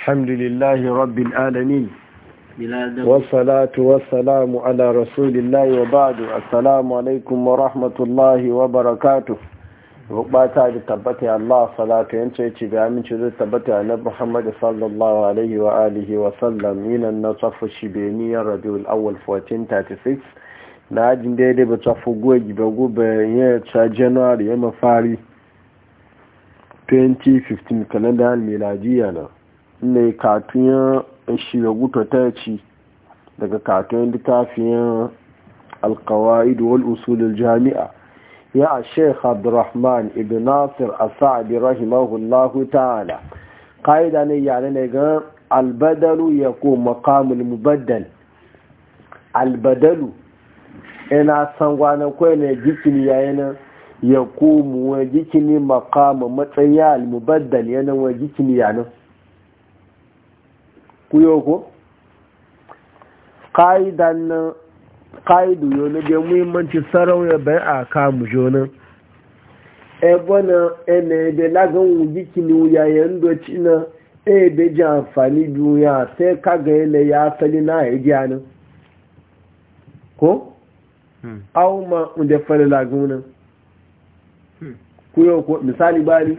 الحمد لله رب العالمين والصلاة والسلام على رسول الله وبعد السلام عليكم ورحمة الله وبركاته وقبات وقباتا تبتي الله صلاة ينتهي بأمين شذو تبتي نبي محمد صلى الله عليه وآله وسلم من النصف الشبيني الربيع الأول 1436 ناجم ديدي بتفقوه جبقوه بيهتا جنوار يمفاري 2015 kalendar miladiya na ne katuyan shiga guto ta ci daga katuyan littafiyan alkawa'id wal usulul jami'a ya a sheikh abdurrahman ibn nasir asa'adi rahimahullahu ta'ala ƙa'ida ne yare ne ga albadalu ya ko makamul mubaddal albadalu ina san gwanan kwai ne jikin yayin ya ko muwa jikin makamu matsayi al mubaddal yana wa jikin yanin kuyo ko ƙa'idan nan ƙa'idu yau na biyan muhimmanci sarauya aka a kamu jonin ebona ene de lagun wuji kini wuya yan doci na e be ji amfani duniya sai kaga ele ya asali na ya ji ko? Hmm. aw ma inda fara lagunan na. Hmm. yau misali bari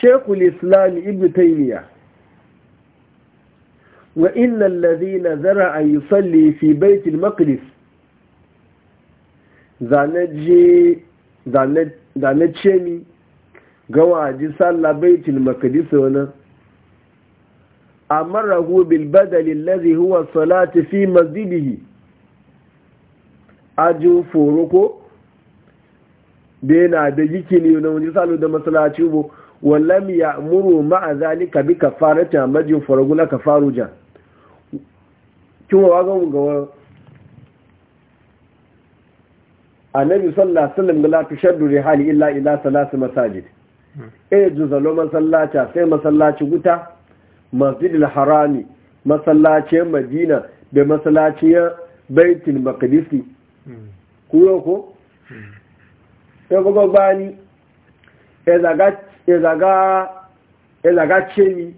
shekul islam ibn taymiya wa innal a yi yusalli fi bayt al-maqdis zanaje zanace gawa ga waji sallah bayt al-maqdis wana amarahu bil badal huwa salati fi mazidihi aju ko? bena da yikini na wani salo da masalaci bo ولم يأمروا مع ذلك بكفارة مجي فرغلا كفاروجا كما واغون غوا النبي صلى الله عليه وسلم لا تشد رحال إلا إلى ثلاث مساجد إيه جزلو مسلاتا سي مسلاتي غوتا مسجد الحرام مسلاتي مدينة بمسلاتي بيت المقدس كويوكو يا بابا باني إذا قد ya zaga ce ni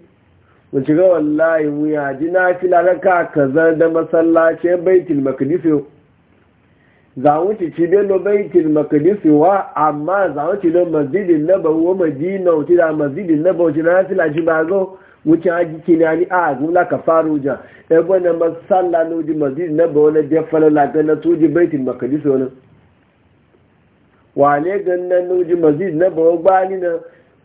wace ga wallahi ya ji na fi laraka kaza da masallacin e baitul makadisi za mu ci ci bello baitul makadisi wa amma za mu ci don masjidin naba wa madina wuce da masjidin naba wuce na fi laji ba zo wuce haji ke kinani a gula laka faru ja ebe na masalla na wuce masjidin naba wani jefala lagar na tuji baitul makadisi wani wane ganin nan wuce masjidin naba wa gbani na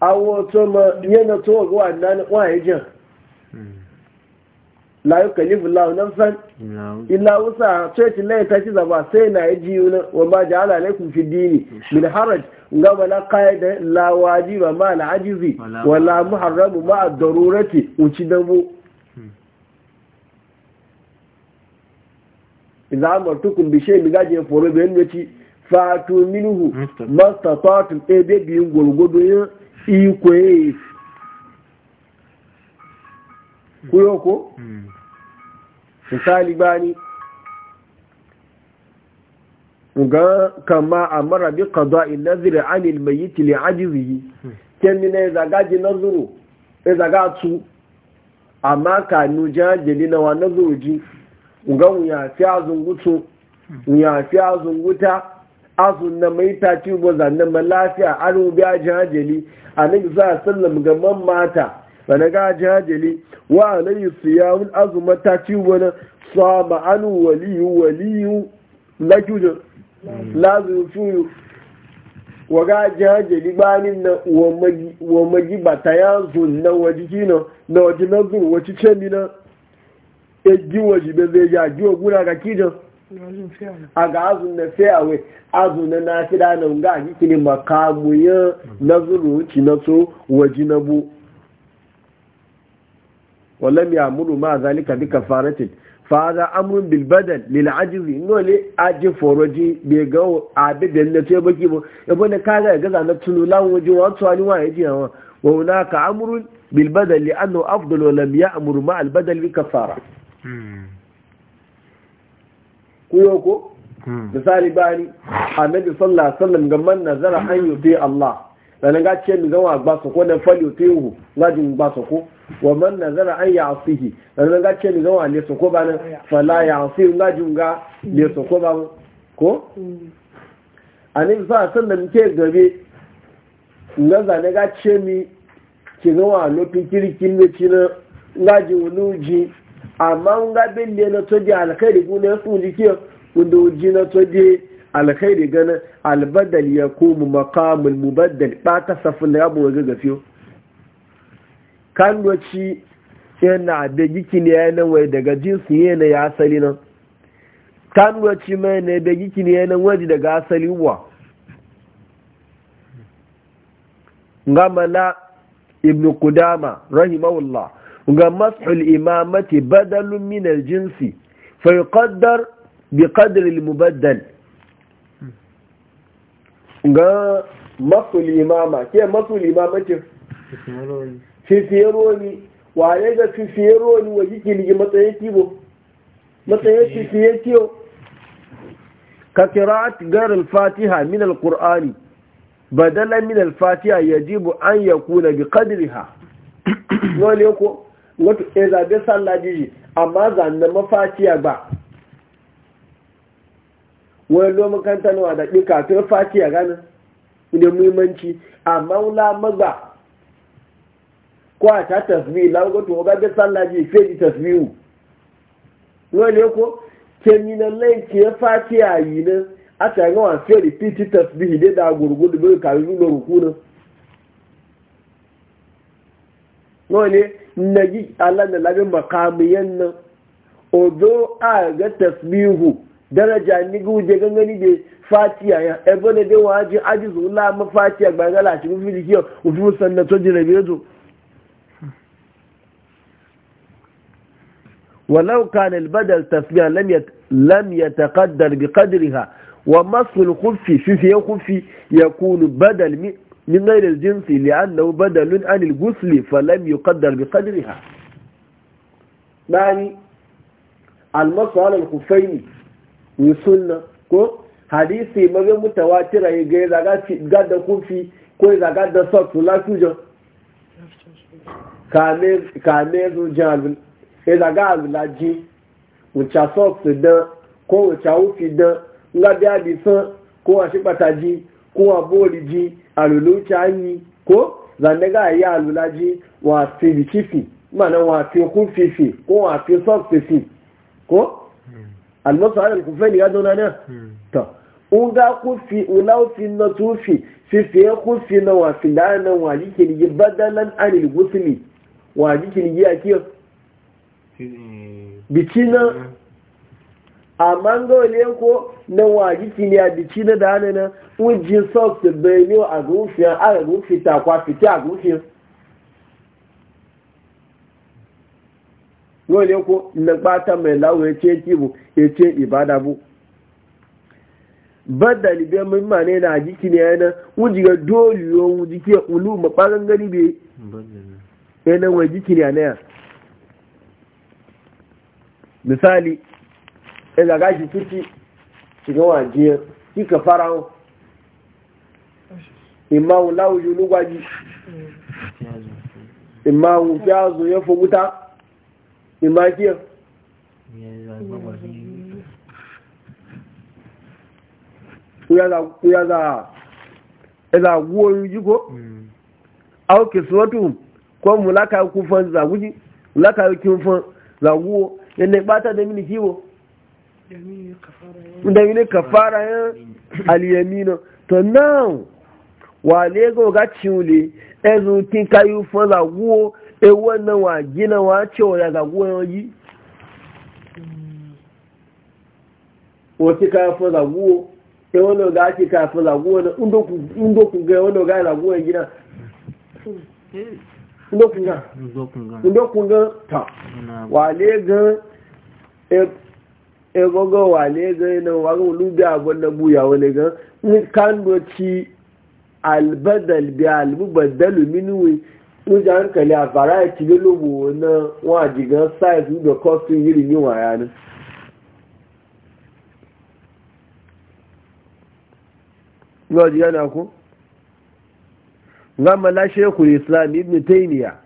awo to ma yana to ga wannan waye jiya. la yukallifu Allahu san illa wusa sai ci laye ta ci zaba sai na yi jiyu na wa ma ala laikun fi dini min haraj na bala da lawaji ba ma al ajizi mu muharramu ma a darurati uci dabo idza amartukum bi mi gaje foro ben ci fatu masta mastata'tum ebe biyun yin iko yayi kuyo misali bani ga kama amara bi qada'i nadhri 'ani al-mayyit na kemine zagaji nazuru e tu amma ka nuja na wa na ga ji. ya fi azungutu fi azunguta azun na mai taci ba zannan ma lafiya an biya jihajeli a nan za a sallama ga man mata ba na ga jihajeli wa alayhi siyamun azun ma taci ba na sama an waliyu waliyu na kyudu lazu fiyu wa ga jihajeli banin na wa magi ba ta ya zun na waje kina na waje na zuwa wace ce mina egi waje bai zai ya ji wa guna ga kijan a ga azun na fiyawai azun na da na ga a jikin makamuyin na ci na so waji na bu wallam ya muru ma zalika duka faratin fa za amrun bil ino lil ajzi nole aji foroji be ga abin da na ce baki ba? yabo na kaga ga tunu lawon waje Wa wato wani wa yaji wa wa hunaka ka amurin bilbadan li annahu afdalu lam amuru ma albadan bi kafara hmm. kuyo ko hmm. misali bani annabi sallallahu alaihi wasallam ga man nazara an yuti Allah dan ga ce mi gawa gba so ko dan fali hu laji gba so ko wa man nazara an ya'sihi dan ga ce mi gawa le so ko ba nan fala ya'si laji ga le so ko ba ko annabi sallallahu alaihi wasallam ke gabe ngaza ne ga ce mi ki lo lokin kin ne kin laji wuluji amma n ga ne na to alkhairi ko na sun jike wanda wuji na to alkhairi gana albadal ya komu makamul mubadal ba ta safin da abu waje gafiyo kan doci yana da giki ne yana wai daga jinsu yana ya asali nan kan doci mai ne da giki ne yana waje daga asali wa ngamala Ibn kudama rahimahullah ga mas'ul imamati badalun min al-jinsi fa yuqaddar bi qadri al-mubaddal ga mas'ul imama ke mas'ul imamati fifiyero ne wane ga fifiyero ne wa yake ligi matsayin kibo matsayin fifiye kiyo ka kira'at garin fatiha min al-qur'ani badalan min al-fatiha yajibu an yakuna bi qadriha wale ko wato ɗaya eh, zaɓe sallah jiji amma zanen mafaciya ba wani lomin kantanuwa da ɗi kafin faciya ganin da muhimmanci amma wula maza ko ta tasbi lagoto waga da sallah jiji fiye di tasbihu wani ko keminan laiki ya faciya yi ne a tsaye gawa fiye di fiti tasbihi dai da gurgudu bai kafin rukunan wani nagi ala na labin makamiyan nan odo a ga tasbihu daraja ni guje gangani da fatiya ya ebo ne dai waje aji zula ma fatiya ba ga lati mu fili kiyo mu fi sanna to jira bezo ولو كان البدل تسبيحا لم يت... لم يتقدر بقدرها ومص الخف في في خف يكون بدل min ghairil jinsi li'annahu badalun anil ghusli falam yuqaddar bi qadriha dani almasu ala al-khuffaini yusunna ko hadisi maga mutawatira ya ga zaga gadda kufi ko zaga da sotu lafijo kame kame zo jalul e zaga alulaji wucha sotu da ko wucha ufi da nga bi abisan ko a shi pataji ko a boliji alulu chani ko zandaga ya alulaji wa fi kifi mana wa fi kufifi ko wa fi sokfifi ko almasu hannun kufaini ya dona na ta unga kufi ulaufi na tufi fifi ya kufi na wa filanan wa jikin yi badalan anil gusuli wa jikin yi a kiyar bikina hmm. amma ga wale ko na waji kiliya biki na dana na wujin socks da bayo a gufiya a gufi ta kwa fiti a gufiya wale ko na bata mai lawo ya ce kibu ya e ce ibada bu bada libe mun ma ne na jiki ne na wuji ga dole yo wuji ke ulu ma pagan gari be yana e waji kiliya ne misali ẹgbà gáàsì títí ṣùgbọ́n wà jẹ́ kíkà fara hàn ìmáhùn ìmáhùn ìmájíẹ̀ kúyàzà wú orin jíkó sọ́tù kọ́ mú fún fún ẹni pátá dẹ́mìnì da yi kafara ya eh? aliyamino to now wa lego ga ciwule ezun kin kayu fun zaguwo e wannan wa gina wa cewa ya zaguwo yi wọ́n ti egogo wale ga yana wani lubi abin na buya wani gan kan doci albadal bi albubadalu minuwe wuce hankali a fara ya cire lobo na wajigan size da kofin yiri yi waya ne. yau ji yana ku gama lashe ku islam ibn taymiyyah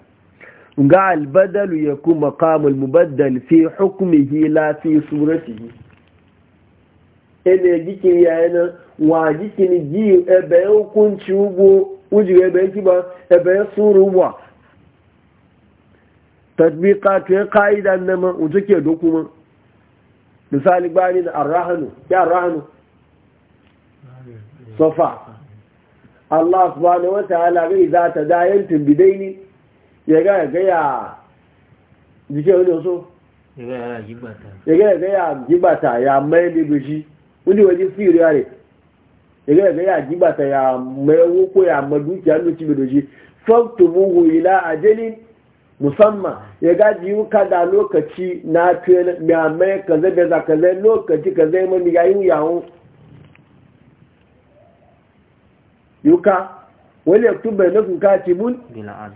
قال بدل يكون مقام المبدل في حكمه لا في صورته suratihi ene jikin yana wa jikin ji ebe hukunci ugbo uji ebe kiba ebe suru wa tatbika to ya ka'ida nan ma uji ke dokuma misali gbani da arrahanu ya arrahanu sofa Allah subhanahu wa ta'ala ga idza tadayantum bidaini ya ga ga ya jike wani so ya ga ga ya jibata ya mai libishi wani waje siri ya ne ya ga ga ya jibata ya mai woko ya madukiya nuci bidoshi faktubuhu ila ajalin musamman ya gaji yi kada lokaci na tuyen mai kaza bai za kaza lokaci kaza yi mani yayin yuka wani ya tuba na kun kaci mun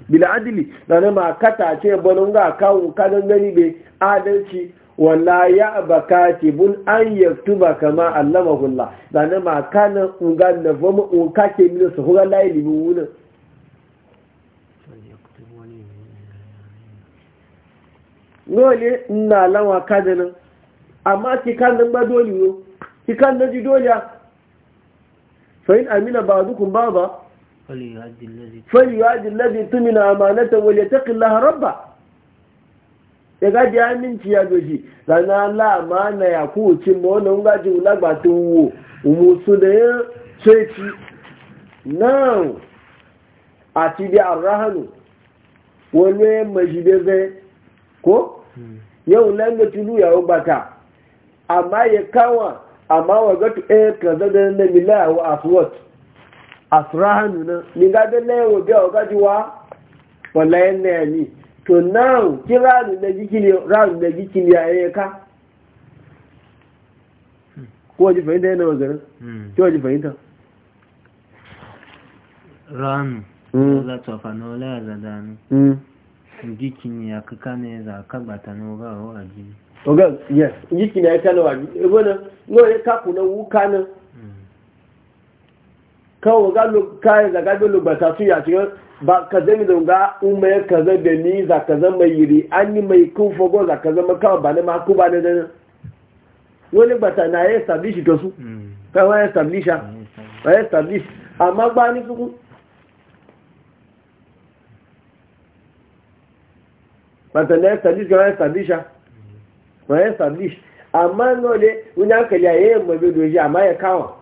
bila adili da na ma kata ce banin ga kawo kanan gani bai adalci wala ya ba kaci mun an ya tuba kama allama hulla da na ma kanan unga na fama un kace mini su hura layi limin wunan dole ina lawa kadanin amma ki kikanin ba dole yo kikanin ji dole fa'in amina ba dukun ba ba فليؤدي الذي تمن امانته وليتق الله ربه ya gaji aminci ya doshi zana Allah amana ya kucin ma wannan gaji ulagbatin wo umusu da ya ceci Na a ti bi arrahanu wani majibe zai ko yau nan da tulu ya rubata amma ya kawa amma wa gatu ɗaya kaza da na milayawa a swat asrahanu na ni ga bele wo be o gaji wa wala ene ni to now ki kiranu na jikini ran na jikini aye ka hmm. ko ji fahimta yana magana hmm. ko ji fahimta ranu la hmm. tofa no la zadanu jikini ya kaka ne za ka bata no ga o aji oga yes jikini ya kana waji ebona no ya kaku wu wuka na kawo kayan zagabe lubata su ya cikin ba ka zami da ga ume, ya ka zama da ni za ka zama yiri an yi mai kun fago za ka zama kawo ba ma, maku ba na dana wani bata na ya establish to su mm. kawai ya establish a mm, ya establish amma ba ni suku bata na ya establish kawai ya establish a mm. ya establish amma nole wani hankali a yayin mabe doji amma ya kawo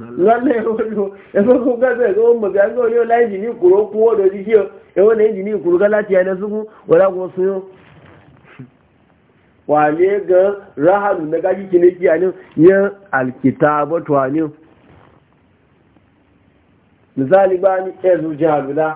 lọ́lẹ̀ olú ẹgbẹ́ kó gẹ́gẹ́ mọ̀bí agbẹ́ ìkòrò kún sí ìkòrò ká láti ẹni wà ní gan ráhàlù ní kí àní yẹn àlìkìtà àní misali bá ní ẹ̀rù jẹ́ àlùlá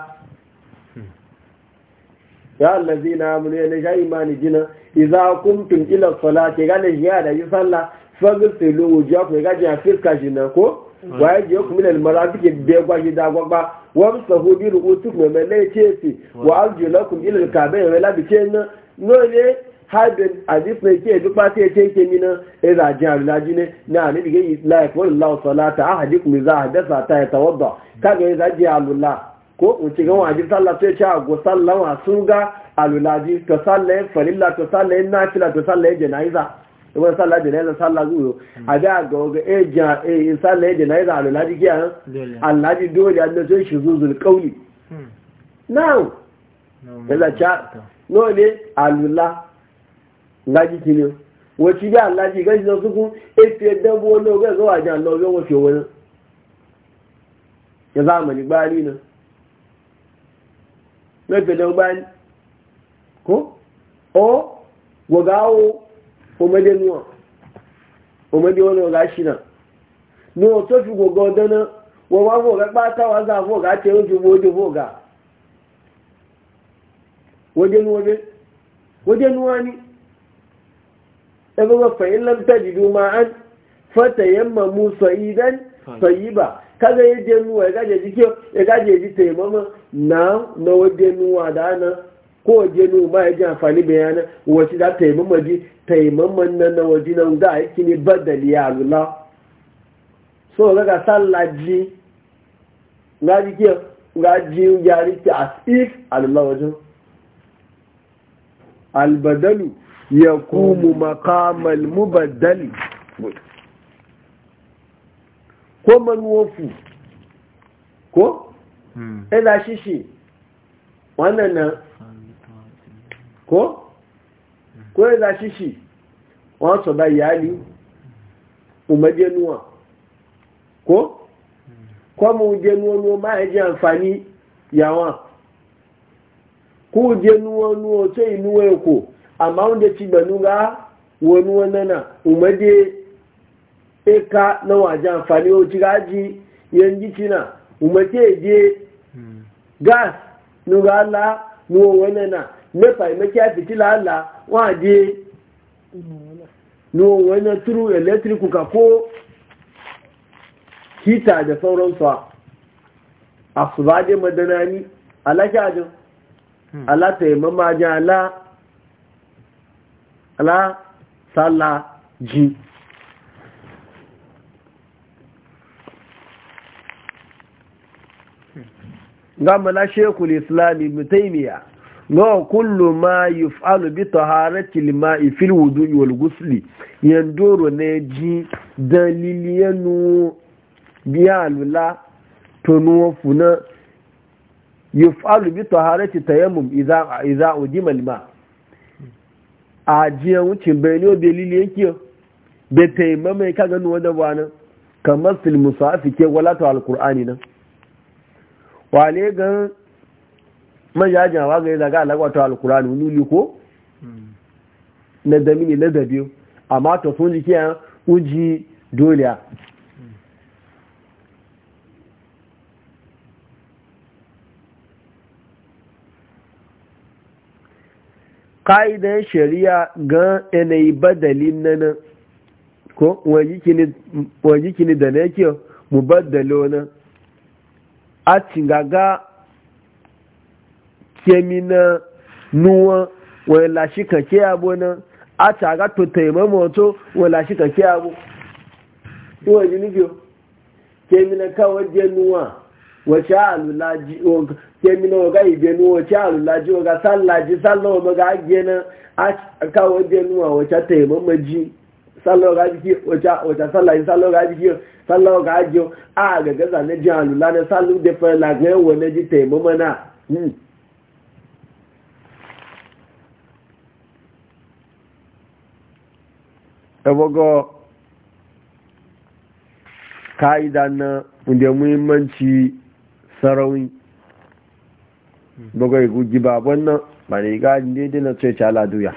ya allazi na amuru ya nisha imani jina iza kuntum ila salati ga ne shi ya da yi sallah fagisilu wujaku ya gajin a fiska shi na ko waye je ku minal marafiki be gwa ji da gwa ba wa musahu bi ru'usuk me me le chesi wa arjulakum ila al-ka'bayn wa la bi chen no le hadin hadith ne ke duk ba ta yace ke mina ira jan laji ne na ne dige la yakulu salata za idha hadatha ta yatawadda kaga idza ji alullah ko in ci gan wajin sallah sai ce a go sallah wa sun ga alulaji to sallah farilla to sallah nafila to sallah janaiza wọ́n sálà jẹ̀nẹ́sà sálà zúwò hmm. àbí àgọ̀gọ̀ ẹjà ìsálà jẹ̀nẹ́sà àlùlájí kí àrùn àlùlájí dóòlì àdínẹ́sà ìṣòzòzò kọ́wì náà ẹ̀lẹ́chá náà ní àlùlá lájí kí ni wọ́n ti bí àlùlájí gẹ́gẹ́ omede nuwa omede wani ọ̀gá ṣìnà ní ọ̀tọ́ fi gbogbo ọdán náà wọ́n wá fún ọ̀gá pátá wá sáà fún ọ̀gá tẹ́ ó fi wọ́n dé fún ọ̀gá wọ́n dé nuwa dé wọ́n dé nuwa ni ẹgbẹ́ wọn fẹ̀yìn lọ́tẹ̀ dídú máa ń fẹ́tẹ̀yẹ́ mọ̀ mú sọ ìdán sọ yìí bà kága yé dé nuwa ẹ̀gájẹ̀ díkẹ́ ẹ̀gájẹ̀ díkẹ́ ìmọ́mọ́ náà náà wọ́n dé nuwa dáná ko nu ba ya ji amfani bayanan wace da taimama ji taimaman nan na waje nan a aiki ne badali ya lula so daga sallaji na ji ga ji ya rike as if alula waje albadalu ya kumu makamal mubaddali ko manuwofu ko? ɗaya hmm. shi wannan nan ko ko ya za wọ́n wọn sọ bá yali umajenuwa ko kọmọ ujenuwa ni o máa àǹfààní yàwọn kú ujenuwa ni o tó inú àmà oúnjẹ ti gbẹ̀nu wọnú nana umade eka na wọn jẹ àǹfààní o ti yẹn jí na je hmm. gas nuga la nana mẹ́fà ìmẹ́kí afitila ala wọn adi ni na turu electric kuka ko hita da sauransu a asuba dai madana ala taimama ajin ala sala ji na no kullu ma yuf'alu bi taharati al-ma'i fil wudu'i wal ghusli yandoro ne ji daliliyanu biyalula tonu funa yuf'alu bi taharati tayammum idza idza udima al-ma ajiyan wuce bayani o dalili yake be taimama ka ganu da bana kamar fil musafi ke wala to al-qur'ani nan wale gan man ya jinawa ga zaga alagwata alkurani lulu ko hmm. na damini na dabi biyu amma to sun ji kiyan uji doliya ƙa'idan shari'a ga yanayi badalin nan ko wajikini da na yake mu badalo nan a gaga Kemina nuwa wani lashi kake abu nan a taga to taimama wato wani lashi kake abu iwa jinigiyo kemi kemina kawai je nuwa wace alulaji kemi na waga ibe nuwa wace alulaji waga sallaji sallawa maga agiye na a kawai je nuwa wace taimama ji sallawa ga jiki wace sallaji sallawa ga jiki sallawa ga ajiyo a gaga zane jin alula na sallu da fara lagayen wani ji taimama na hmm. ebogo ka'ida na inda muhimmanci sarauni bugai gugi ba wannan ba na iga daidai na tsoye aladuya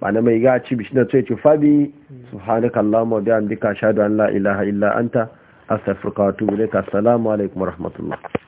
ba na mai iga ci na tsoye ci fabi su hannu kallama da an dika shaɗu an la'ila ha'ila an ta wa tubu ka salamu alaikum rahmatullah